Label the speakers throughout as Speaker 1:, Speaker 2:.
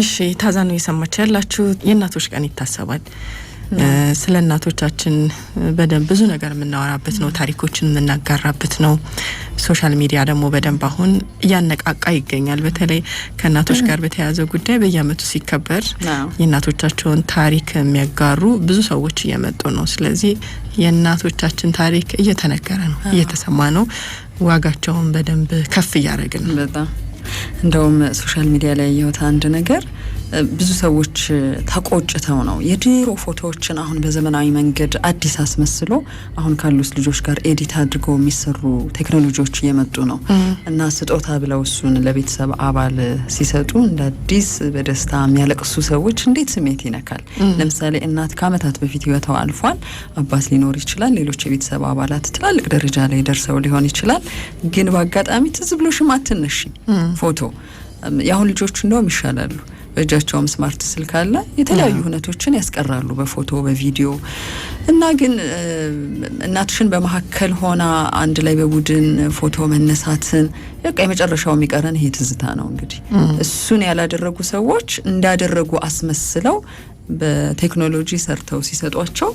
Speaker 1: እሺ ታዛ ነው የሰማች ያላችሁ። የእናቶች ቀን ይታሰባል። ስለ እናቶቻችን በደንብ ብዙ ነገር የምናወራበት ነው፣ ታሪኮችን የምናጋራበት ነው። ሶሻል ሚዲያ ደግሞ በደንብ አሁን እያነቃቃ ይገኛል። በተለይ ከእናቶች ጋር በተያያዘ ጉዳይ በየአመቱ ሲከበር የእናቶቻቸውን ታሪክ የሚያጋሩ ብዙ ሰዎች እየመጡ ነው። ስለዚህ የእናቶቻችን ታሪክ እየተነገረ ነው፣ እየተሰማ ነው። ዋጋቸውን በደንብ ከፍ እያደረግን
Speaker 2: ነው። እንደውም ሶሻል ሚዲያ ላይ ያየሁት አንድ ነገር ብዙ ሰዎች ተቆጭተው ነው የድሮ ፎቶዎችን አሁን በዘመናዊ መንገድ አዲስ አስመስሎ አሁን ካሉት ልጆች ጋር ኤዲት አድርገው የሚሰሩ ቴክኖሎጂዎች እየመጡ ነው እና ስጦታ ብለው እሱን ለቤተሰብ አባል ሲሰጡ እንደ አዲስ በደስታ የሚያለቅሱ ሰዎች እንዴት ስሜት ይነካል። ለምሳሌ እናት ከዓመታት በፊት ህይወተው አልፏል። አባት ሊኖር ይችላል። ሌሎች የቤተሰብ አባላት ትላልቅ ደረጃ ላይ ደርሰው ሊሆን ይችላል። ግን በአጋጣሚ ትዝ ብሎሽም አትነሽ ፎቶ የአሁን ልጆች እንደውም ይሻላሉ በእጃቸውም ስማርት ስልክ አለ። የተለያዩ ሁነቶችን ያስቀራሉ በፎቶ በቪዲዮ እና ግን እናትሽን በመካከል ሆና አንድ ላይ በቡድን ፎቶ መነሳትን በቃ የመጨረሻው የሚቀረን ይሄ ትዝታ ነው። እንግዲህ እሱን ያላደረጉ ሰዎች እንዳደረጉ አስመስለው በቴክኖሎጂ ሰርተው ሲሰጧቸው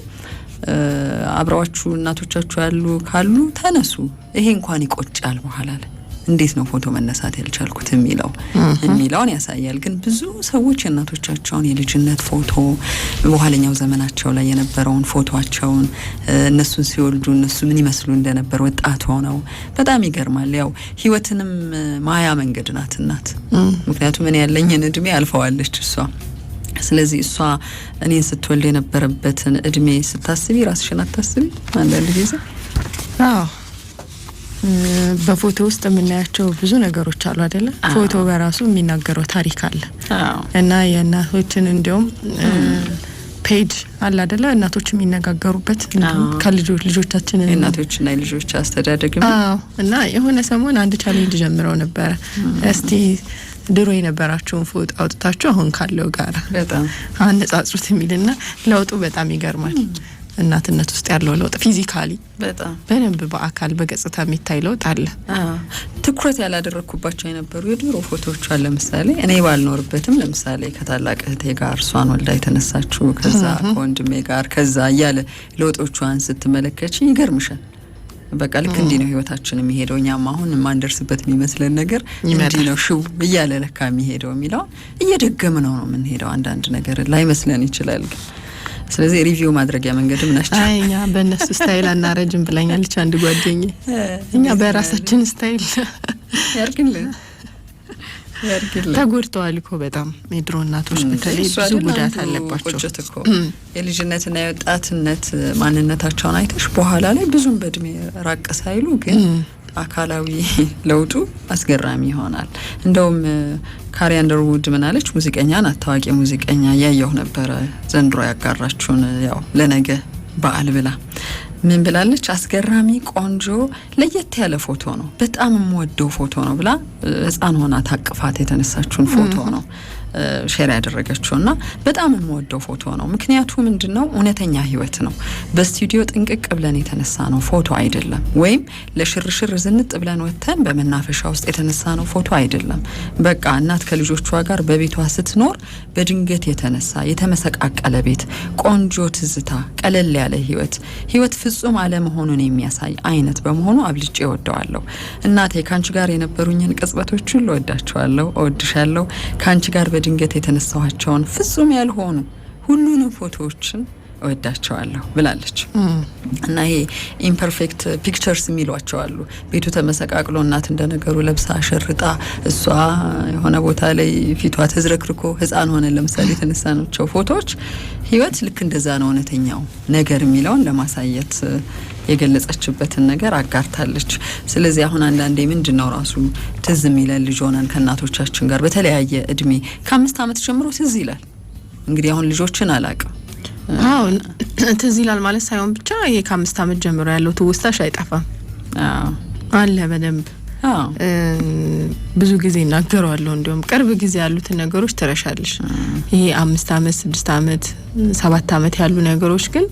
Speaker 2: አብረዋችሁ እናቶቻችሁ ያሉ ካሉ ተነሱ፣ ይሄ እንኳን ይቆጫል በኋላ ላይ እንዴት ነው ፎቶ መነሳት ያልቻልኩት የሚለው የሚለውን ያሳያል። ግን ብዙ ሰዎች የእናቶቻቸውን የልጅነት ፎቶ በኋለኛው ዘመናቸው ላይ የነበረውን ፎቶቸውን እነሱን ሲወልዱ እነሱ ምን ይመስሉ እንደነበር ወጣት ሆነው በጣም ይገርማል። ያው ህይወትንም ማያ መንገድ ናት እናት። ምክንያቱም እኔ ያለኝን እድሜ አልፈዋለች እሷ ስለዚህ እሷ እኔን ስትወልድ የነበረበትን እድሜ ስታስቢ ራስሽን አታስቢ አንዳንድ ጊዜ
Speaker 1: በፎቶ ውስጥ የምናያቸው ብዙ ነገሮች አሉ አይደለ? ፎቶ በራሱ የሚናገረው ታሪክ አለ እና የእናቶችን እንዲሁም ፔጅ አለ አይደለ? እናቶች የሚነጋገሩበት ከልጆች ልጆቻችንን
Speaker 2: የእናቶችና የልጆች አስተዳደግ
Speaker 1: እና የሆነ ሰሞን አንድ ቻሌንጅ ጀምረው ነበረ። እስቲ ድሮ የነበራቸውን ፎጥ አውጥታችሁ አሁን ካለው ጋር አነጻጽሩት የሚልና ለውጡ በጣም ይገርማል። እናትነት ውስጥ ያለው ለውጥ ፊዚካሊ በጣም በደንብ በአካል በገጽታ የሚታይ ለውጥ አለ።
Speaker 2: ትኩረት ያላደረግኩባቸው የነበሩ የድሮ ፎቶዎች አለ። ለምሳሌ እኔ ባልኖርበትም ለምሳሌ ከታላቅ እህቴ ጋር እርሷን ወልዳ የተነሳችው ከዛ ከወንድሜ ጋር ከዛ እያለ ለውጦቿን ስትመለከች ይገርምሻል። በቃ ልክ እንዲህ ነው ህይወታችን የሚሄደው። እኛም አሁን የማንደርስበት የሚመስለን ነገር እንዲህ ነው ሽው እያለ ለካ የሚሄደው የሚለውን እየደገም ነው ነው የምንሄደው። አንዳንድ ነገር ላይመስለን ይችላል ግን ስለዚህ ሪቪው ማድረጊያ መንገድም ናቸው።
Speaker 1: እኛ በእነሱ ስታይል አናረጅም ብላኛለች አንድ ጓደኝ። እኛ በራሳችን ስታይል
Speaker 2: ያርግልን
Speaker 1: ተጎድተዋል እኮ በጣም የድሮ እናቶች በተለይ ብዙ ጉዳት
Speaker 2: አለባቸው። የልጅነትና የወጣትነት ማንነታቸውን አይተሽ በኋላ ላይ ብዙም በእድሜ ራቅ ሳይሉ ግን አካላዊ ለውጡ አስገራሚ ይሆናል። እንደውም ካሪ አንደርውድ ምናለች ሙዚቀኛ ናት፣ ታዋቂ ሙዚቀኛ እያየሁ ነበረ ዘንድሮ ያጋራችሁን ያው ለነገ በዓል ብላ ምን ብላለች? አስገራሚ ቆንጆ ለየት ያለ ፎቶ ነው፣ በጣም የምወደው ፎቶ ነው ብላ ህፃን ሆና ታቅፋት የተነሳችውን ፎቶ ነው ሼር ያደረገችው እና በጣም የምወደው ፎቶ ነው። ምክንያቱ ምንድን ነው? እውነተኛ ህይወት ነው። በስቱዲዮ ጥንቅቅ ብለን የተነሳ ነው ፎቶ አይደለም። ወይም ለሽርሽር ዝንጥ ብለን ወጥተን በመናፈሻ ውስጥ የተነሳ ነው ፎቶ አይደለም። በቃ እናት ከልጆቿ ጋር በቤቷ ስትኖር በድንገት የተነሳ የተመሰቃቀለ ቤት፣ ቆንጆ ትዝታ፣ ቀለል ያለ ህይወት ህይወት ፍጹም አለመሆኑን የሚያሳይ አይነት በመሆኑ አብልጬ እወደዋለሁ። እናቴ ከአንቺ ጋር የነበሩኝን ቅጽበቶች ሁሉ እወዳቸዋለሁ፣ እወድሻለሁ ከአንቺ ጋር በድንገት የተነሳኋቸውን ፍጹም ያልሆኑ ሁሉንም ፎቶዎችን እወዳቸዋለሁ ብላለች እና ይሄ ኢምፐርፌክት ፒክቸርስ የሚሏቸው አሉ። ቤቱ ተመሰቃቅሎ እናት እንደነገሩ ለብሳ ሸርጣ፣ እሷ የሆነ ቦታ ላይ ፊቷ ተዝረክርኮ ህፃን ሆነ ለምሳሌ የተነሳናቸው ፎቶዎች ህይወት ልክ እንደዛ ነው እውነተኛው ነገር የሚለውን ለማሳየት የገለጸችበትን ነገር አጋርታለች። ስለዚህ አሁን አንዳንዴ ምንድን ነው ራሱ ትዝ የሚለን ልጅ ሆነን ከእናቶቻችን ጋር በተለያየ እድሜ ከአምስት ዓመት ጀምሮ ትዝ ይላል። እንግዲህ አሁን ልጆችን አላቅም።
Speaker 1: አሁን ትዝ ይላል ማለት ሳይሆን ብቻ ይሄ ከአምስት ዓመት ጀምሮ ያለው ትውስታሽ አይጠፋም አለ በደንብ ብዙ ጊዜ እናገረዋለሁ። እንዲሁም ቅርብ ጊዜ ያሉትን ነገሮች ትረሻለሽ። ይሄ አምስት ዓመት ስድስት ዓመት ሰባት ዓመት ያሉ ነገሮች ግን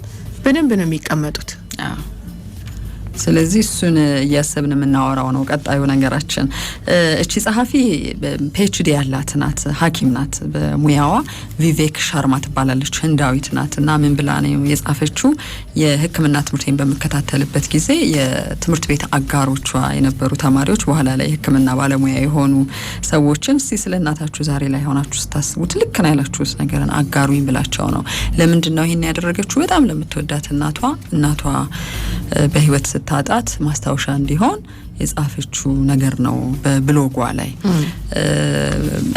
Speaker 1: በደንብ ነው የሚቀመጡት።
Speaker 2: ስለዚህ እሱን እያሰብን የምናወራው ነው ቀጣዩ ነገራችን። እቺ ጸሐፊ ፒኤችዲ ያላት ናት፣ ሐኪም ናት በሙያዋ ቪቬክ ሻርማ ትባላለች፣ ህንዳዊት ናት እና ምን ብላ ነው የጻፈችው? የህክምና ትምህርቴን በምከታተልበት ጊዜ የትምህርት ቤት አጋሮቿ የነበሩ ተማሪዎች በኋላ ላይ ህክምና ባለሙያ የሆኑ ሰዎችን እስቲ ስለ እናታችሁ ዛሬ ላይ ሆናችሁ ስታስቡት ልክ ነው ያላችሁት ነገርን አጋሩኝ ብላቸው ነው። ለምንድን ነው ይህን ያደረገችው? በጣም ለምትወዳት እናቷ እናቷ በህይወት መታጣት ማስታወሻ እንዲሆን የጻፈችው ነገር ነው በብሎጓ ላይ።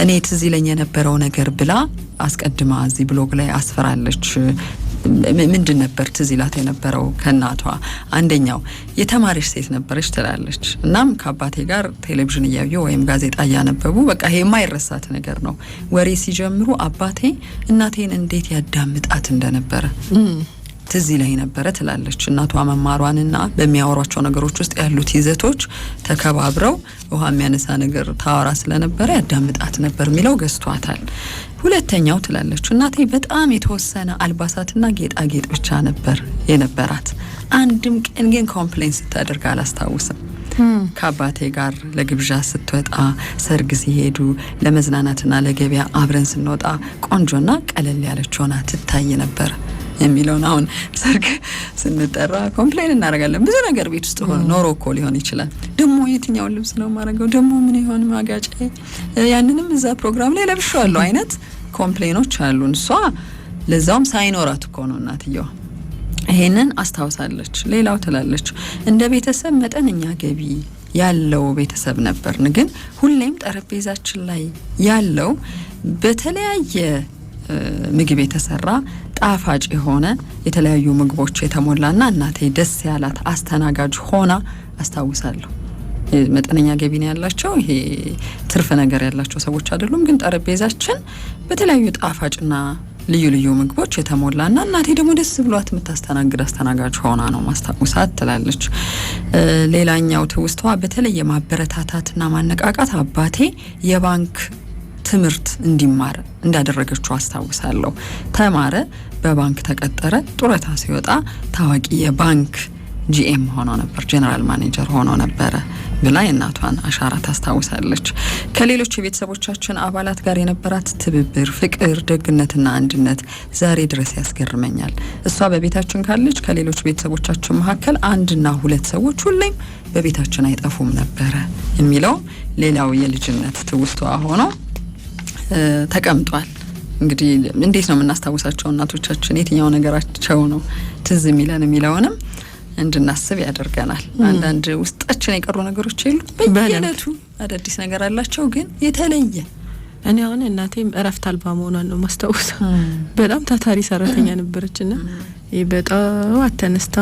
Speaker 2: እኔ ትዝ ይለኝ የነበረው ነገር ብላ አስቀድማ እዚህ ብሎግ ላይ አስፈራለች። ምንድን ነበር ትዝ ይላት የነበረው? ከእናቷ አንደኛው የተማሪች ሴት ነበረች ትላለች። እናም ከአባቴ ጋር ቴሌቪዥን እያዩ ወይም ጋዜጣ እያነበቡ በቃ ይሄ የማይረሳት ነገር ነው። ወሬ ሲጀምሩ አባቴ እናቴን እንዴት ያዳምጣት እንደነበረ ትዝ ይለኝ ነበረ ትላለች እናቷ መማሯንና በሚያወሯቸው ነገሮች ውስጥ ያሉት ይዘቶች ተከባብረው ውሃ የሚያነሳ ነገር ታወራ ስለነበረ ያዳምጣት ነበር የሚለው ገዝቷታል። ሁለተኛው ትላለች እናቴ በጣም የተወሰነ አልባሳትና ጌጣጌጥ ብቻ ነበር የነበራት። አንድም ቀን ግን ኮምፕሌን ስታደርግ አላስታውስም። ከአባቴ ጋር ለግብዣ ስትወጣ፣ ሰርግ ሲሄዱ፣ ለመዝናናትና ለገበያ አብረን ስንወጣ ቆንጆና ቀለል ያለች ሆና ትታይ ነበር። የሚለውን አሁን ሰርግ ስንጠራ ኮምፕሌን እናደርጋለን። ብዙ ነገር ቤት ውስጥ ሆኖ ኖሮ እኮ ሊሆን ይችላል። ደግሞ የትኛውን ልብስ ነው ማድረገው? ደግሞ ምን ይሆን ማጋጫ? ያንንም እዛ ፕሮግራም ላይ ለብሸዋለሁ አይነት ኮምፕሌኖች አሉን። እሷ ለዛውም ሳይኖራት እኮ ነው እናትየዋ ይሄንን አስታውሳለች። ሌላው ትላለች እንደ ቤተሰብ መጠነኛ ገቢ ያለው ቤተሰብ ነበርን፣ ግን ሁሌም ጠረጴዛችን ላይ ያለው በተለያየ ምግብ የተሰራ ጣፋጭ የሆነ የተለያዩ ምግቦች የተሞላና እናቴ ደስ ያላት አስተናጋጅ ሆና አስታውሳለሁ። መጠነኛ ገቢ ነው ያላቸው። ይሄ ትርፍ ነገር ያላቸው ሰዎች አይደሉም። ግን ጠረጴዛችን በተለያዩ ጣፋጭና ልዩ ልዩ ምግቦች የተሞላና እናቴ ደግሞ ደስ ብሏት የምታስተናግድ አስተናጋጅ ሆና ነው ማስታውሳት ትላለች። ሌላኛው ትውስቷ በተለይ የማበረታታትና ማነቃቃት አባቴ የባንክ ትምህርት እንዲማር እንዳደረገችው አስታውሳለሁ። ተማረ፣ በባንክ ተቀጠረ። ጡረታ ሲወጣ ታዋቂ የባንክ ጂኤም ሆኖ ነበር፣ ጀነራል ማኔጀር ሆኖ ነበረ ብላ የእናቷን አሻራ ታስታውሳለች። ከሌሎች የቤተሰቦቻችን አባላት ጋር የነበራት ትብብር፣ ፍቅር፣ ደግነትና አንድነት ዛሬ ድረስ ያስገርመኛል። እሷ በቤታችን ካለች ከሌሎች ቤተሰቦቻችን መካከል አንድና ሁለት ሰዎች ሁሌም በቤታችን አይጠፉም ነበረ የሚለው ሌላው የልጅነት ትውስቷ ሆኖ ተቀምጧል። እንግዲህ እንዴት ነው የምናስታውሳቸው እናቶቻችን? የትኛው ነገራቸው ነው ትዝ የሚለን የሚለውንም እንድናስብ ያደርገናል። አንዳንድ ውስጣችን የቀሩ ነገሮች የሉ በየዕለቱ አዳዲስ ነገር አላቸው፣ ግን የተለየ
Speaker 1: እኔ አሁን እናቴም እረፍት አልባ መሆኗን ነው ማስታውሰው። በጣም ታታሪ ሰራተኛ ነበረችና በጠዋት ተነስታ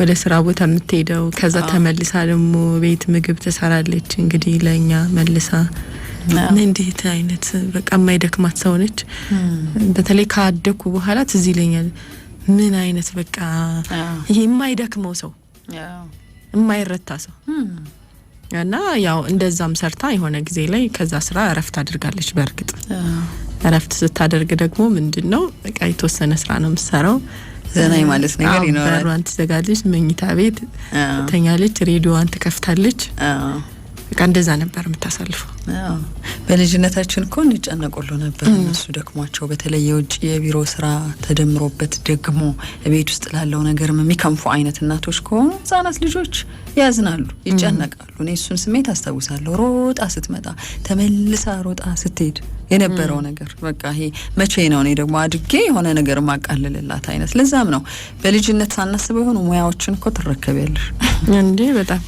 Speaker 1: ወደ ስራ ቦታ የምትሄደው ከዛ ተመልሳ ደግሞ ቤት ምግብ ትሰራለች። እንግዲህ ለእኛ መልሳ እንዴት አይነት በቃ የማይደክማት ሰው ነች። በተለይ ካደኩ በኋላ ትዝ ይለኛል ምን አይነት በቃ ይሄ የማይደክመው ሰው የማይረታ ሰው እና ያው እንደዛም ሰርታ የሆነ ጊዜ ላይ ከዛ ስራ እረፍት አድርጋለች። በእርግጥ እረፍት ስታደርግ ደግሞ ምንድን ነው በቃ የተወሰነ ስራ ነው የምትሰራው
Speaker 2: ዘናይ ማለት ነገር ይኖራል።
Speaker 1: በሯን ትዘጋለች፣ መኝታ ቤት ተኛለች፣ ሬዲዮዋን ትከፍታለች። በቃ እንደዛ ነበር የምታሳልፈው።
Speaker 2: በልጅነታችን እኮ እንጨነቁሉ ነበር እነሱ ደክሟቸው፣ በተለይ የውጭ የቢሮ ስራ ተደምሮበት ደግሞ ቤት ውስጥ ላለው ነገር የሚከንፉ አይነት እናቶች ከሆኑ ህጻናት ልጆች ያዝናሉ፣ ይጨነቃሉ። እኔ እሱን ስሜት አስታውሳለሁ። ሮጣ ስትመጣ ተመልሳ ሮጣ ስትሄድ የነበረው ነገር በቃ ይሄ መቼ ነው እኔ ደግሞ አድጌ የሆነ ነገር ማቃልልላት አይነት። ለዛም ነው በልጅነት ሳናስበው የሆኑ ሙያዎችን እኮ ትረከቢያለሽ
Speaker 1: እንዴ በጣም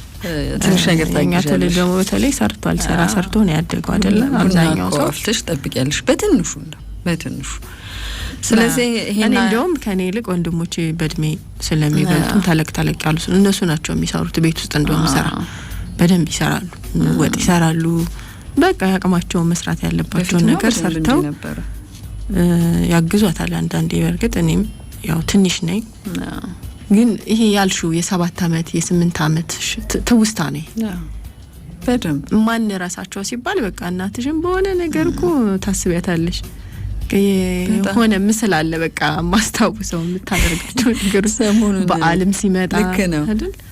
Speaker 1: ትንሽ ነገር ታኛ ትውልድ ደግሞ በተለይ ሰርቷል አልሰራ ሰርቶ ነው ያደገው አይደለም
Speaker 2: አብዛኛው ሰው ፍትሽ ጠብቂያለሽ በትንሹ በትንሹ ስለዚህ
Speaker 1: ይሄን እንዲያውም ከኔ ይልቅ ወንድሞቼ በእድሜ ስለሚበልጡም ተለቅ ተለቅ ያሉ እነሱ ናቸው የሚሰሩት ቤት ውስጥ እንደውም ስራ በደንብ ይሰራሉ፣ ወጥ ይሰራሉ። በቃ ያቅማቸውን መስራት ያለባቸውን ነገር ሰርተው ያግዟታል። አንዳንዴ በእርግጥ እኔም ያው ትንሽ ነኝ ግን ይሄ ያልሽው የሰባት አመት የስምንት አመት ትውስታ ነ በደንብ ማን ራሳቸው ሲባል በቃ እናትሽን በሆነ ነገር እኮ ታስቢያታለሽ የሆነ ምስል አለ በቃ ማስታውሰው የምታደርጋቸው ነገር ሰሞኑ
Speaker 2: በዓልም ሲመጣ ልክ ነው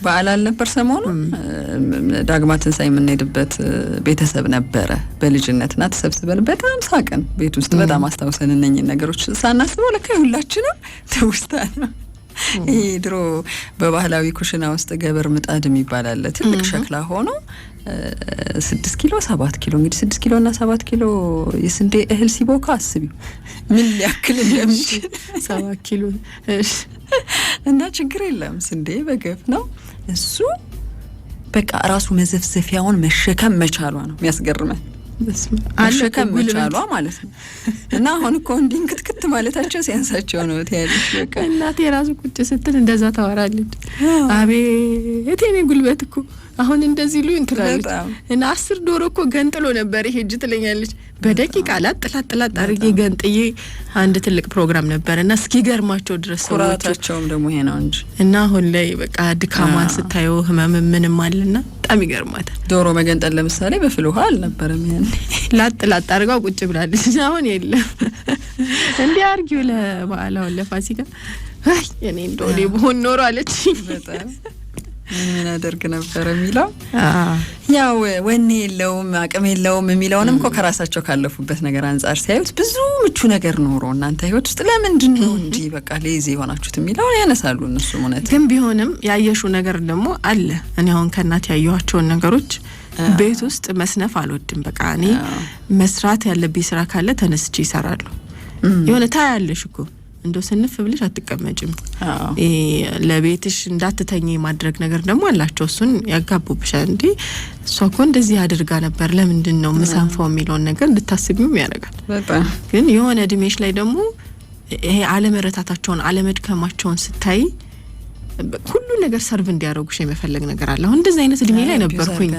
Speaker 2: በዓል አልነበር ሰሞኑ ዳግማ ትንሳኤ የምንሄድበት ቤተሰብ ነበረ በልጅነት በልጅነትና ተሰብስበን በጣም ሳቅን ቤት ውስጥ በጣም አስታውሰን እነኝን ነገሮች ሳናስበው ለካ ሁላችንም ትውስታ ነው ይሄ ድሮ በባህላዊ ኩሽና ውስጥ ገበር ምጣድ የሚባል አለ። ትልቅ ሸክላ ሆኖ ስድስት ኪሎ ሰባት ኪሎ እንግዲህ ስድስት ኪሎ እና ሰባት ኪሎ የስንዴ እህል ሲቦካ አስቢ ምን ሊያክል እንደሚችል ሰባት ኪሎ እና ችግር የለም ስንዴ በገፍ ነው እሱ በቃ ራሱ መዘፍዘፊያውን መሸከም መቻሏ ነው የሚያስገርመን። መሸከም መቻሏ ማለት ነው። እና አሁን እኮ እንዲህ እንክትክት ማለታቸው ሲያንሳቸው ነው ትያለሽ። በቃ
Speaker 1: እናቴ የራሱ ቁጭ ስትል እንደዛ ታወራለች። አቤት የኔ ጉልበት እኮ አሁን እንደዚህ ሉ እንትላለች እና አስር ዶሮ እኮ ገንጥሎ ነበር ይሄ እጅ ትለኛለች። በደቂቃ ላጥ ላጥ ላጥ አድርጌ ገንጥዬ አንድ ትልቅ ፕሮግራም ነበር እና እስኪገርማቸው ድረስ
Speaker 2: ኩራታቸውም ደግሞ ይሄ ነው እንጂ
Speaker 1: እና አሁን ላይ በቃ ድካማ ስታየው ህመም ምንም አለና በጣም ይገርማታል።
Speaker 2: ዶሮ መገንጠል ለምሳሌ በፍል ውሃ አልነበረም ያኔ
Speaker 1: ላጥ ላጥ አድርጋ ቁጭ ብላለች። አሁን የለም እንዲህ አርጊው ለበዓል አሁን ለፋሲካ አይ የኔ እንደሆነ በሆን ኖሮ አለች በጣም
Speaker 2: ምን አደርግ ነበር የሚለው ያው ወኔ የለውም አቅም የለውም የሚለውንም እኮ ከራሳቸው ካለፉበት ነገር አንጻር ሲያዩት ብዙ ምቹ ነገር ኖሮ እናንተ ህይወት ውስጥ ለምንድን ነው እንዲህ በቃ ሌዚ የሆናችሁት የሚለውን ያነሳሉ። እነሱ እውነት
Speaker 1: ግን ቢሆንም ያየሹ ነገር ደግሞ አለ። እኔ አሁን ከእናት ያየኋቸውን ነገሮች ቤት ውስጥ መስነፍ አልወድም። በቃ እኔ መስራት ያለብኝ ስራ ካለ ተነስቼ ይሰራሉ። የሆነ ታያለሽ እኮ እንደው ስንፍ ብልሽ አትቀመጭም። ለቤትሽ እንዳትተኝ የማድረግ ነገር ደግሞ አላቸው። እሱን ያጋቡብሻል። እንዴ እሷ እኮ እንደዚህ አድርጋ ነበር፣ ለምንድን ነው ምሳንፋው የሚለውን ነገር እንድታስቢም ያደርጋል። ግን የሆነ እድሜሽ ላይ ደግሞ ይሄ አለመረታታቸውን አለመድከማቸውን ስታይ ሁሉ ነገር ሰርቭ እንዲያደርጉሽ የመፈለግ ነገር አለ። አሁን እንደዚህ አይነት እድሜ ላይ ነበርኩኝ።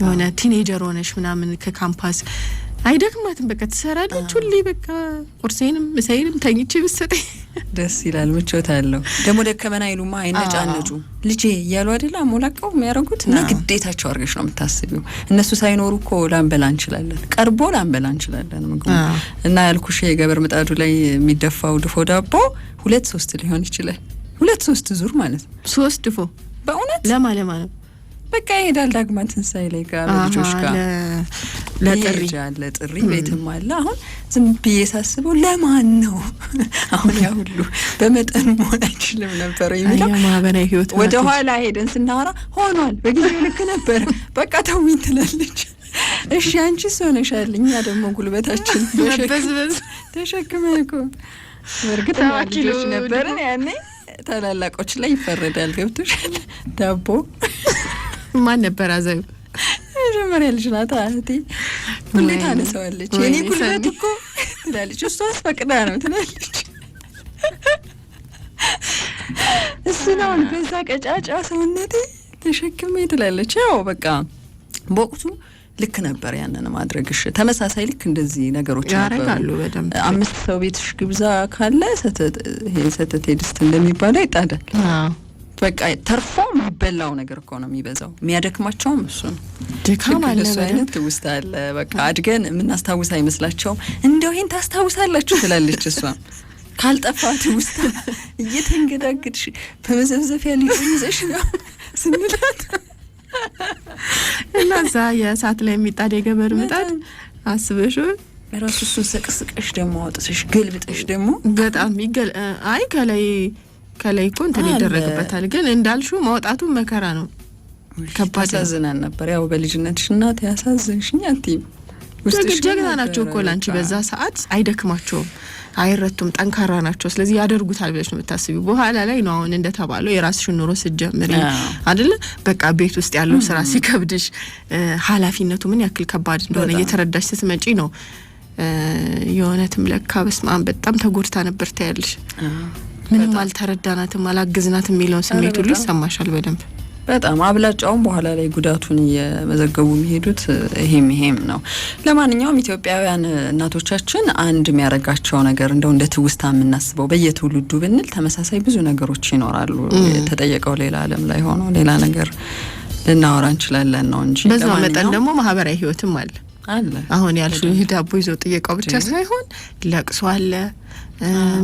Speaker 1: የሆነ ቲኔጀር ሆነሽ ምናምን ከካምፓስ አይደክማትም። በቃ ትሰራለች ሁሌ በቃ ቁርሴንም ምሳይንም ተኝቼ ብሰጠኝ
Speaker 2: ደስ ይላል። ምቾት አለው። ደግሞ ደከመን አይሉማ አይነጫነጩ ልጄ እያሉ አይደለ አሞላቀው የሚያደርጉት እና ግዴታቸው አድርገሽ ነው የምታስቢው። እነሱ ሳይኖሩ እኮ ላንበላ እንችላለን፣ ቀርቦ ላንበላ እንችላለን ምግቡ እና ያልኩሽ የገበር ምጣዱ ላይ የሚደፋው ድፎ ዳቦ ሁለት ሶስት ሊሆን ይችላል። ሁለት ሶስት ዙር ማለት ነው። ሶስት ድፎ በእውነት ለማለማ ነው በቃ ይሄዳል። ዳግማ ትንሳኤ ላይ ጋር ልጆች ጋር ለጥሪ ለጥሪ ቤትም አለ። አሁን ዝም ብዬ ሳስበው ለማን ነው አሁን ያ ሁሉ በመጠኑ መሆን አይችልም ነበረ የሚለው
Speaker 1: ማህበራዊ ህይወት
Speaker 2: ወደ ኋላ ሄደን ስናወራ ሆኗል። በጊዜው ልክ ነበረ። በቃ ተዊን ትላለች። እሺ አንቺ ሆነሻል። እኛ ደግሞ ጉልበታችን ተሸክመን እኮ በእርግጥ
Speaker 1: ልጆች ነበርን ያኔ ታላላቆች ላይ ይፈረዳል። ገብቶሻል ዳቦ ማን ነበር አዛዩ?
Speaker 2: መጀመሪያ ልጅ ናት እህቴ። ሁሌ ታነሳዋለች። የኔ ጉልበት እኮ ትላለች። እሷ አስፈቅዳ ነው ትላለች። እሱን አሁን በዛ ቀጫጫ ሰውነቴ ተሸክሜ ትላለች። ያው በቃ በወቅቱ ልክ ነበር ያንን ማድረግሽ። ተመሳሳይ ልክ እንደዚህ ነገሮች
Speaker 1: ያረጋሉ። በደንብ
Speaker 2: አምስት ሰው ቤትሽ ግብዛ ካለ ሰተት ይሄ ሰተት ድስት እንደሚባለው ይጣዳል። በቃ ተርፎ የሚበላው ነገር እኮ ነው የሚበዛው። የሚያደክማቸውም እሱ ነው። ድካም አለ። አይነት ውስጥ አለ። በቃ አድገን የምናስታውስ አይመስላቸውም። እንደው ይሄን ታስታውሳላችሁ ትላለች እሷም ካልጠፋት ውስጥ እየተንገዳግድሽ በመዘብዘፊያ ሊዘሽ ነው ስንላት
Speaker 1: እና እዛ የእሳት ላይ የሚጣድ የገበር ምጣድ አስበሽ
Speaker 2: ራሱ እሱን ሰቅስቀሽ ደግሞ አውጥተሽ ገልብጠሽ ደግሞ
Speaker 1: በጣም ይገል አይ ከላይ ከላይ እኮ እንትን ይደረግበታል። ግን እንዳልሹ ማውጣቱ መከራ ነው።
Speaker 2: ከባድ ያሳዝናል ነበር። ያው በልጅነትሽ እናት ያሳዝንሽኝ
Speaker 1: ጀግና ናቸው እኮ ላንቺ በዛ ሰዓት አይደክማቸውም፣ አይረቱም፣ ጠንካራ ናቸው። ስለዚህ ያደርጉታል ብለሽ ነው የምታስቢ። በኋላ ላይ ነው አሁን እንደተባለው የራስሽን ኑሮ ስትጀምሪ አይደለ በቃ ቤት ውስጥ ያለው ስራ ሲከብድሽ፣ ኃላፊነቱ ምን ያክል ከባድ እንደሆነ እየተረዳሽ ስትመጪ ነው የእውነትም ለካ በስመ አብ በጣም ተጎድታ ነበር ታያለሽ። ምንም አልተረዳናትም አላግዝናትም የሚለውን ስሜት ሁሉ ይሰማሻል በደንብ
Speaker 2: በጣም አብላጫውም በኋላ ላይ ጉዳቱን እየመዘገቡ የሚሄዱት ይሄም ይሄም ነው። ለማንኛውም ኢትዮጵያውያን እናቶቻችን አንድ የሚያደርጋቸው ነገር እንደው እንደ ትውስታ የምናስበው በየትውልዱ ብንል ተመሳሳይ ብዙ ነገሮች ይኖራሉ። የተጠየቀው ሌላ ዓለም ላይ ሆኖ ሌላ ነገር ልናወራ እንችላለን ነው እንጂ
Speaker 1: በዛ መጠን ደግሞ ማህበራዊ ህይወትም አለ። አሁን ያልሹ ዳቦ ይዞ ጥየቃው ብቻ ሳይሆን ለቅሶ አለ፣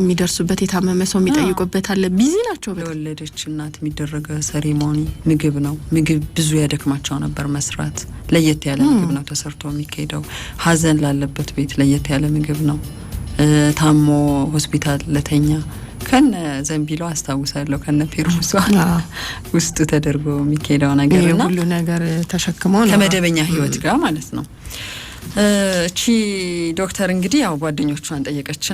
Speaker 1: የሚደርሱበት የታመመ ሰው የሚጠይቁበት አለ። ቢዚ ናቸው።
Speaker 2: የወለደች እናት የሚደረገ ሰሪሞኒ ምግብ ነው። ምግብ ብዙ ያደክማቸው ነበር መስራት። ለየት ያለ ምግብ ነው ተሰርቶ የሚካሄደው። ሀዘን ላለበት ቤት ለየት ያለ ምግብ ነው። ታሞ ሆስፒታል ለተኛ ከነ ዘንቢሎ አስታውሳለሁ። ከነ ፔርሙሷ ውስጡ ተደርጎ የሚካሄደው ነገር
Speaker 1: እና ሁሉ ነገር ተሸክሞ ነው
Speaker 2: ከመደበኛ ህይወት ጋር ማለት ነው። እቺ ዶክተር እንግዲህ ያው ጓደኞቿን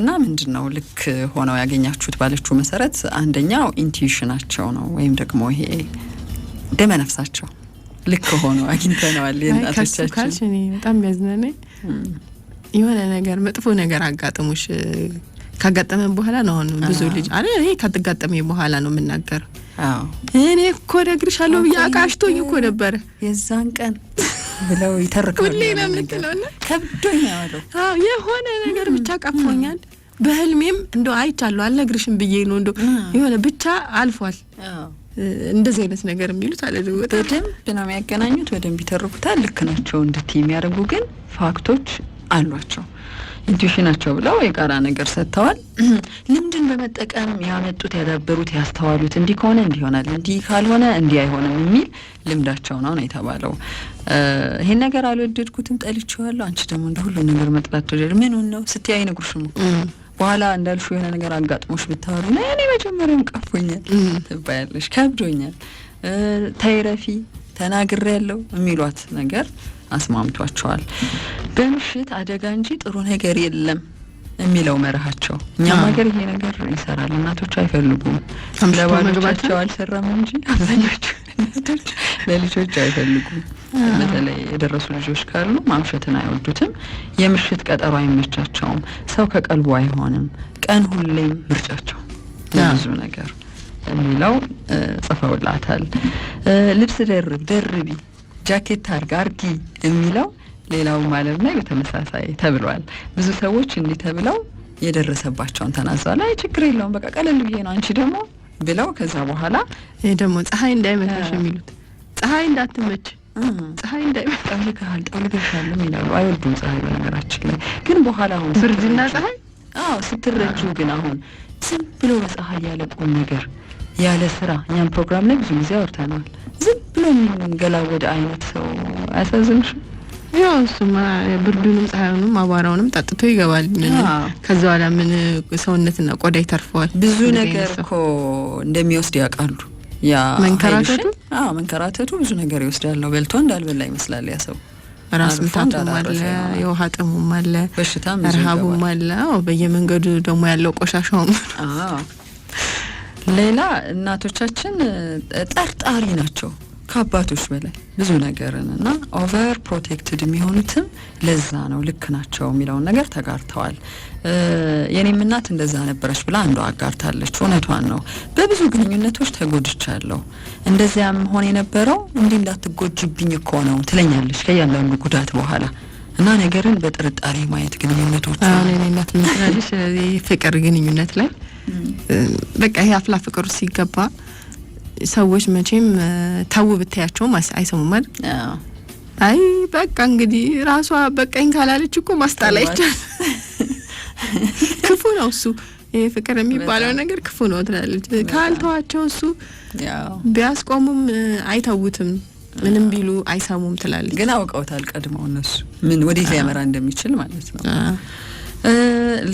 Speaker 2: ና ምንድን ነው ልክ ሆነው ያገኛችሁት ባለችው መሰረት አንደኛው ኢንቱዊሽናቸው ነው ወይም ደግሞ ይሄ ነፍሳቸው ልክ ሆኖ አግኝተነዋል።
Speaker 1: የእናቶቻችን በጣም ያዝናናኝ የሆነ ነገር መጥፎ ነገር አጋጥሞሽ ካጋጠመ በኋላ ነው። አሁን ብዙ ልጅ አረ እኔ ካጋጠመ በኋላ ነው የምናገረው። እኔ እኮ ነግርሻለሁ ብዬ አቃሽቶኝ እኮ ነበር
Speaker 2: የዛን ቀን
Speaker 1: ብለው ይተርካሉ። ሁሌ ነው የምትለውና
Speaker 2: ከብዶኝ አዎ
Speaker 1: የሆነ ነገር ብቻ ቀፎኛል። በህልሜም እንደ አይቻለሁ አልነግርሽም ብዬ ነው እንደ የሆነ ብቻ አልፏል። እንደዚህ አይነት ነገር የሚሉት አለ በደንብ ነው የሚያገናኙት፣ በደንብ ይተርኩታል። ልክ ናቸው እንድት የሚያደርጉ ግን ፋክቶች አሏቸው። ናቸው ብለው የጋራ ነገር ሰጥተዋል። ልምድን በመጠቀም ያመጡት ያዳበሩት ያስተዋሉት እንዲህ ከሆነ እንዲህ ይሆናል፣ እንዲህ ካልሆነ እንዲህ አይሆንም የሚል ልምዳቸው ነው ነው የተባለው። ይሄን ነገር አልወደድኩትም፣ ጠልቼዋለሁ። አንቺ ደግሞ እንደ ሁሉ ነገር መጥላት ትወደድ ምኑን ነው ስትይ አይነግሩሽም። በኋላ እንዳልሹ የሆነ ነገር አጋጥሞሽ ብታወሩ ና እኔ መጀመሪያም ቀፎኛል ትባያለሽ፣ ከብዶኛል፣ ተይረፊ ተናግሬ ያለው የሚሏት ነገር አስማምቷቸዋል። በምሽት አደጋ እንጂ ጥሩ ነገር የለም የሚለው መርሃቸው እኛም ሀገር ይሄ ነገር ይሰራል። እናቶች አይፈልጉም። ለባሎቻቸው አልሰራም እንጂ አብዛኞቹ እናቶች ለልጆች አይፈልጉም። በተለይ የደረሱ ልጆች ካሉ ማምሸትን አይወዱትም። የምሽት ቀጠሮ አይመቻቸውም። ሰው ከቀልቡ አይሆንም። ቀን ሁሌም ምርጫቸው ብዙ ነገር የሚለው ጽፈውላታል። ልብስ ደርብ ደርቢ ጃኬት አርጋ አርጊ የሚለው ሌላው ማለብ ላይ በተመሳሳይ ተብሏል። ብዙ ሰዎች እንዲህ ተብለው የደረሰባቸውን ተናዘዋል። አይ ችግር የለውም በቃ ቀለል ብዬ ነው አንቺ ደግሞ ብለው ከዛ በኋላ
Speaker 2: ይሄ ደግሞ ፀሐይ እንዳይመታሽ የሚሉት ፀሐይ እንዳትመች ፀሐይ እንዳይመጣልካል ጠውልገሻለም ይላሉ። አይወዱም ፀሐይ በነገራችን ላይ ግን በኋላ አሁን ብርድና ፀሐይ አዎ ስትረጁ ግን አሁን ዝም ብሎ በፀሐይ ያለቁን ነገር ያለ ስራ እኛም ፕሮግራም ላይ ብዙ ጊዜ አውርተነዋል። ዝም ብሎ የሚንገላወደ አይነት ሰው አያሳዝንሽም
Speaker 1: ያው እሱማ ብርዱንም ፀሐዩንም አቧራውንም ጠጥቶ ይገባል። ከዛ በኋላ ምን ሰውነትና ቆዳ ይተርፈዋል?
Speaker 2: ብዙ ነገር እኮ እንደሚወስድ ያውቃሉ። ያ መንከራተቱ መንከራተቱ ብዙ ነገር ይወስዳል በልቶ እንዳልበላ ይመስላል ያ ሰው።
Speaker 1: ራስ ምታቱም አለ፣ የውሃ ጥሙም አለ፣ በሽታም ረሃቡም አለ። በየመንገዱ ደግሞ ያለው ቆሻሻውም
Speaker 2: ሌላ እናቶቻችን ጠርጣሪ ናቸው ከአባቶች በላይ ብዙ ነገርን እና ኦቨር ፕሮቴክትድ የሚሆኑትም ለዛ ነው ልክ ናቸው የሚለውን ነገር ተጋርተዋል። የኔም እናት እንደዛ ነበረች ብላ አንዷ አጋርታለች። እውነቷን ነው። በብዙ ግንኙነቶች ተጎድቻለሁ። እንደዚያም ሆን የነበረው እንዲህ እንዳትጎጅብኝ እኮ ነው ትለኛለች ከእያንዳንዱ ጉዳት በኋላ እና ነገርን በጥርጣሬ ማየት ግንኙነቶች
Speaker 1: ፍቅር ግንኙነት ላይ በቃ ይሄ አፍላ ፍቅር ሲገባ ሰዎች መቼም ተው ብታያቸውም አይሰሙም አይደል? አይ በቃ እንግዲህ ራሷ በቀኝ ካላለች እኮ ማስጣል አይቻልም። ክፉ ነው እሱ ይሄ ፍቅር የሚባለው ነገር ክፉ ነው ትላለች። ካልተዋቸው እሱ ቢያስቆሙም አይተውትም፣ ምንም ቢሉ አይሰሙም ትላለች።
Speaker 2: ግን አውቀውታል ቀድመው እነሱ ምን ወዴት ሊያመራ እንደሚችል ማለት ነው።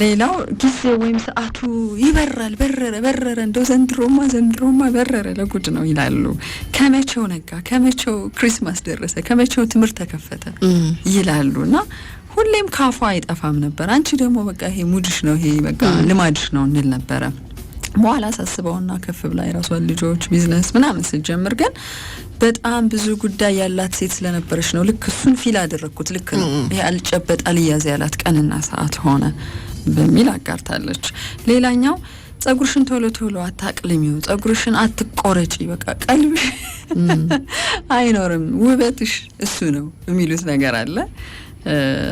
Speaker 1: ሌላው ጊዜ ወይም ሰዓቱ ይበራል። በረረ በረረ፣ እንደው ዘንድሮማ ዘንድሮማ በረረ ለጉድ ነው ይላሉ። ከመቼው ነጋ፣ ከመቼው ክሪስማስ ደረሰ፣ ከመቼው ትምህርት ተከፈተ ይላሉ እና ሁሌም ካፏ አይጠፋም ነበር። አንቺ ደግሞ በቃ ይሄ ሙድሽ ነው ይሄ በቃ ልማድሽ ነው እንል ነበረ። በኋላ ሳስበውና ከፍ ብላ የራሷን ልጆች ቢዝነስ ምናምን ስጀምር ግን በጣም ብዙ ጉዳይ ያላት ሴት ስለነበረች ነው ልክ እሱን ፊል አደረግኩት። ልክ ነው ይሄ አልጨበጣል አልያዝ ያላት ቀንና ሰዓት ሆነ። በሚል አጋርታለች። ሌላኛው ጸጉርሽን ቶሎ ቶሎ አታቅልሚው፣ ጸጉርሽን አትቆረጪ፣ በቃ ቀልብሽ አይኖርም፣ ውበትሽ እሱ ነው የሚሉት ነገር አለ።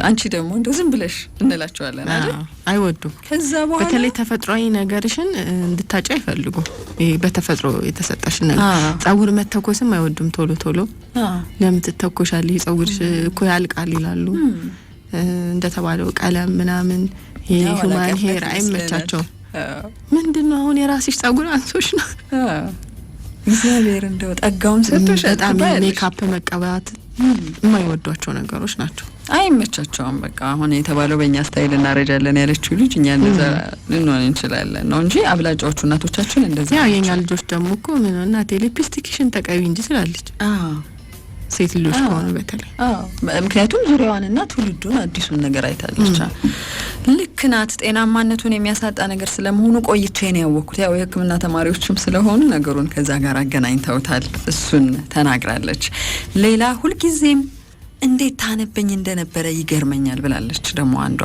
Speaker 1: አንቺ ደግሞ እንደ ዝም ብለሽ እንላቸዋለን አይደል?
Speaker 2: አይወዱም። ከዛ በኋላ በተለይ ተፈጥሯዊ ነገርሽን እንድታጭ አይፈልጉም። ይሄ በተፈጥሮ የተሰጠሽ ነገር ጸጉር መተኮስም አይወዱም። ቶሎ ቶሎ ለምን ይሄ ጸጉርሽ እኮ ያልቃል ይላሉ። እንደተባለው ቀለም ምናምን ሂውማን ሄር አይመቻቸውም። ምንድን ነው አሁን የራስሽ ጸጉር አንሶች ነው
Speaker 1: እግዚአብሔር እንደው ጠጋውን
Speaker 2: ሰጥቶሽ። በጣም
Speaker 1: ሜካፕ መቀባት የማይወዷቸው ነገሮች ናቸው፣
Speaker 2: አይመቻቸውም። በቃ አሁን የተባለው በእኛ ስታይል እናረጃለን ያለችው ልጅ እኛ እንደዛ ልንሆን እንችላለን ነው እንጂ አብላጫዎቹ እናቶቻችን እንደዛ።
Speaker 1: ያው የኛ ልጆች ደግሞ እኮ ምን እናቴ ሊፕስቲክሽን ተቀቢ እንጂ ትላለች። ሴት ልጆች ከሆነ በተለይ
Speaker 2: ምክንያቱም ዙሪያዋንና ትውልዱን አዲሱን ነገር አይታለች። ልክ ናት። ጤናማነቱን የሚያሳጣ ነገር ስለመሆኑ ቆይቼ ነው ያወቅኩት። ያው የሕክምና ተማሪዎችም ስለሆኑ ነገሩን ከዛ ጋር አገናኝተውታል። እሱን ተናግራለች። ሌላ ሁልጊዜም እንዴት ታነበኝ እንደነበረ ይገርመኛል ብላለች ደግሞ አንዷ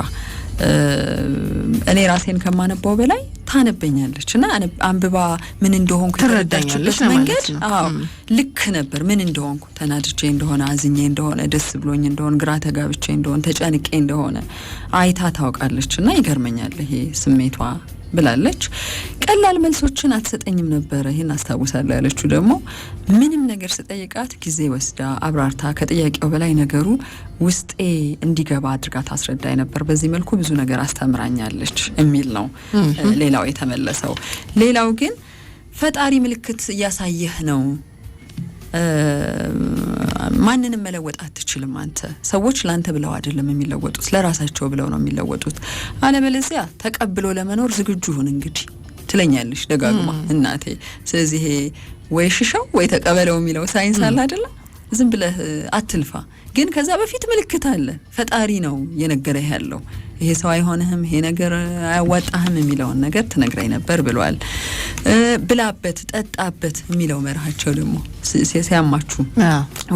Speaker 2: እኔ ራሴን ከማነባው በላይ ታነበኛለች እና አንብባ ምን እንደሆንኩ
Speaker 1: የተረዳችበት
Speaker 2: መንገድ ልክ ነበር። ምን እንደሆንኩ ተናድጄ እንደሆነ፣ አዝኜ እንደሆነ፣ ደስ ብሎኝ እንደሆነ፣ ግራ ተጋብቼ እንደሆነ፣ ተጨንቄ እንደሆነ አይታ ታውቃለች እና ይገርመኛል ይሄ ስሜቷ ብላለች። ቀላል መልሶችን አትሰጠኝም ነበረ፣ ይህን አስታውሳለሁ ያለችው ደግሞ ምንም ነገር ስጠይቃት ጊዜ ወስዳ አብራርታ ከጥያቄው በላይ ነገሩ ውስጤ እንዲገባ አድርጋ ታስረዳኝ ነበር። በዚህ መልኩ ብዙ ነገር አስተምራኛለች የሚል ነው ሌላው የተመለሰው። ሌላው ግን ፈጣሪ ምልክት እያሳየህ ነው ማንንም መለወጥ አትችልም። አንተ ሰዎች ላንተ ብለው አይደለም የሚለወጡት፣ ለራሳቸው ብለው ነው የሚለወጡት። አለበለዚያ ተቀብሎ ለመኖር ዝግጁ ሁን እንግዲህ ትለኛለሽ ደጋግማ እናቴ። ስለዚህ ወይ ሽሸው ወይ ተቀበለው የሚለው ሳይንስ አለ አይደለም ዝም ብለህ አትልፋ። ግን ከዛ በፊት ምልክት አለ። ፈጣሪ ነው የነገረህ ያለው ይሄ ሰው አይሆንህም፣ ይሄ ነገር አያዋጣህም የሚለውን ነገር ትነግራኝ ነበር ብሏል። ብላበት፣ ጠጣበት የሚለው መርሃቸው ደግሞ ሲያማችሁ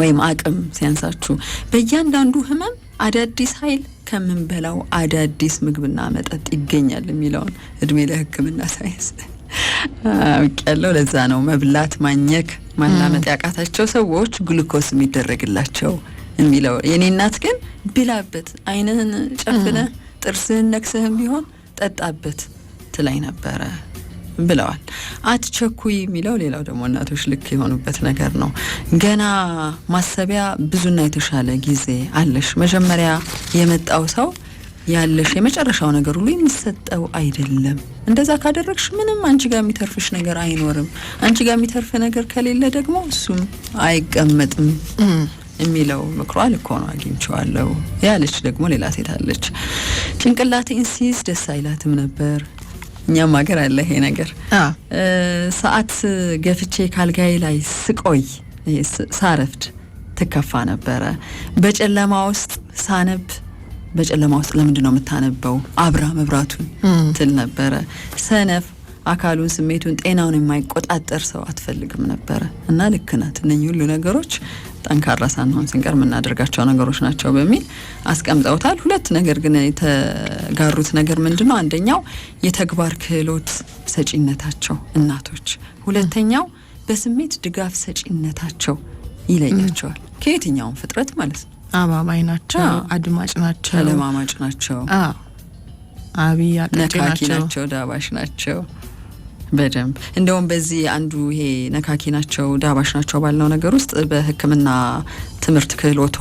Speaker 2: ወይም አቅም ሲያንሳችሁ በእያንዳንዱ ህመም አዳዲስ ኃይል ከምንበላው አዳዲስ ምግብና መጠጥ ይገኛል የሚለውን እድሜ ለህክምና ሳይንስ አውቅ ያለው ለዛ ነው መብላት ማኘክ ማላመጥ ያቃታቸው ሰዎች ግሉኮስ የሚደረግላቸው የሚለው የኔ እናት ግን ብላበት፣ አይንህን ጨፍነ፣ ጥርስህን ነክስህም ቢሆን ጠጣበት ትላይ ነበረ ብለዋል። አትቸኩይ የሚለው ሌላው ደግሞ እናቶች ልክ የሆኑበት ነገር ነው። ገና ማሰቢያ ብዙና የተሻለ ጊዜ አለሽ። መጀመሪያ የመጣው ሰው ያለሽ የመጨረሻው ነገር ሁሉ የሚሰጠው አይደለም። እንደዛ ካደረግሽ ምንም አንቺ ጋር የሚተርፍሽ ነገር አይኖርም። አንቺ ጋር የሚተርፍ ነገር ከሌለ ደግሞ እሱም አይቀመጥም የሚለው ምክሯ ልክ ሆኖ አግኝቼዋለሁ። ያለች ደግሞ ሌላ ሴት አለች። ጭንቅላቴን ሲይዝ ደስ አይላትም ነበር። እኛም ሀገር አለ ይሄ ነገር። ሰዓት ገፍቼ ካልጋዬ ላይ ስቆይ ሳረፍድ ትከፋ ነበረ። በጨለማ ውስጥ ሳነብ በጨለማ ውስጥ ለምንድን ነው የምታነበው? አብራ መብራቱን ትል ነበረ። ሰነፍ አካሉን፣ ስሜቱን፣ ጤናውን የማይቆጣጠር ሰው አትፈልግም ነበረ እና ልክ ናት። እነኚህ ሁሉ ነገሮች ጠንካራ ሳንሆን ስንቀር የምናደርጋቸው ነገሮች ናቸው በሚል አስቀምጠውታል። ሁለት ነገር ግን የተጋሩት ነገር ምንድን ነው? አንደኛው የተግባር ክህሎት ሰጪነታቸው እናቶች፣ ሁለተኛው በስሜት ድጋፍ ሰጪነታቸው ይለያቸዋል ከየትኛውም ፍጥረት ማለት ነው።
Speaker 1: አማማኝ ናቸው፣ አድማጭ ናቸው፣
Speaker 2: ተለማማጭ ናቸው፣ አብይ አቅጭ ናቸው፣ ዳባሽ ናቸው። በደንብ እንደውም በዚህ አንዱ ይሄ ነካኪ ናቸው ዳባሽ ናቸው ባልነው ነገር ውስጥ በሕክምና ትምህርት ክህሎቷ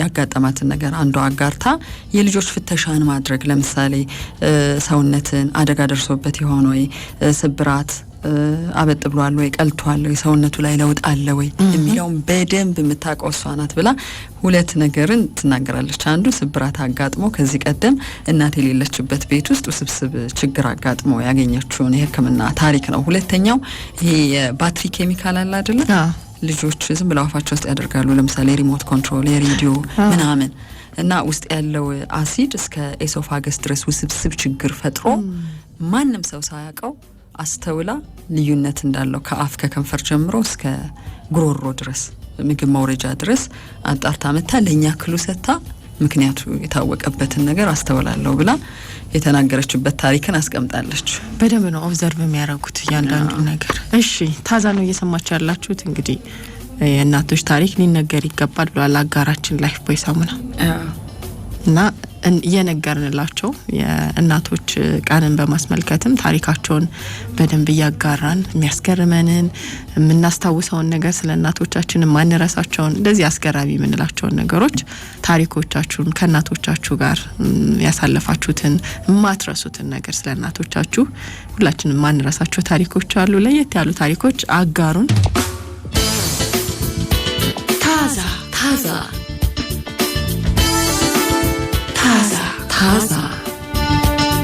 Speaker 2: ያጋጠማትን ነገር አንዷ አጋርታ የልጆች ፍተሻን ማድረግ ለምሳሌ ሰውነትን አደጋ ደርሶበት የሆነ ወይ ስብራት አበጥ ብሏል ወይ ቀልቷል ወይ ሰውነቱ ላይ ለውጥ አለ ወይ የሚለውን በደንብ የምታውቀው እሷ ናት ብላ ሁለት ነገርን ትናገራለች። አንዱ ስብራት አጋጥሞ ከዚህ ቀደም እናት የሌለችበት ቤት ውስጥ ውስብስብ ችግር አጋጥሞ ያገኘችውን የሕክምና ታሪክ ነው። ሁለተኛው ይሄ የባትሪ ኬሚካል አለ አይደለ? ልጆች ዝም ብለው አፋቸው ውስጥ ያደርጋሉ። ለምሳሌ ሪሞት ኮንትሮል፣ የሬዲዮ ምናምን እና ውስጥ ያለው አሲድ እስከ ኤሶፋገስ ድረስ ውስብስብ ችግር ፈጥሮ ማንም ሰው ሳያውቀው አስተውላ ልዩነት እንዳለው ከአፍ ከከንፈር ጀምሮ እስከ ጉሮሮ ድረስ ምግብ መውረጃ ድረስ አጣርታ መታ ለእኛ ክሉ ሰጥታ ምክንያቱ የታወቀበትን ነገር አስተውላለሁ ብላ የተናገረችበት ታሪክን አስቀምጣለች።
Speaker 1: በደንብ ነው ኦብዘርቭ የሚያደርጉት እያንዳንዱ ነገር። እሺ ታዛ ነው እየሰማች ያላችሁት እንግዲህ የእናቶች ታሪክ ሊነገር ይገባል ብሏል አጋራችን ላይፍ ቦይ ሳሙና እና እየነገርንላቸው የእናቶች ቀንን በማስመልከትም ታሪካቸውን በደንብ እያጋራን የሚያስገርመንን የምናስታውሰውን ነገር ስለ እናቶቻችን ማንረሳቸውን እንደዚህ አስገራሚ የምንላቸውን ነገሮች ታሪኮቻችሁን ከእናቶቻችሁ ጋር ያሳለፋችሁትን የማትረሱትን ነገር ስለ እናቶቻችሁ ሁላችንም ማንረሳቸው ታሪኮች አሉ። ለየት ያሉ ታሪኮች አጋሩን። ታዛ ታዛ 他撒。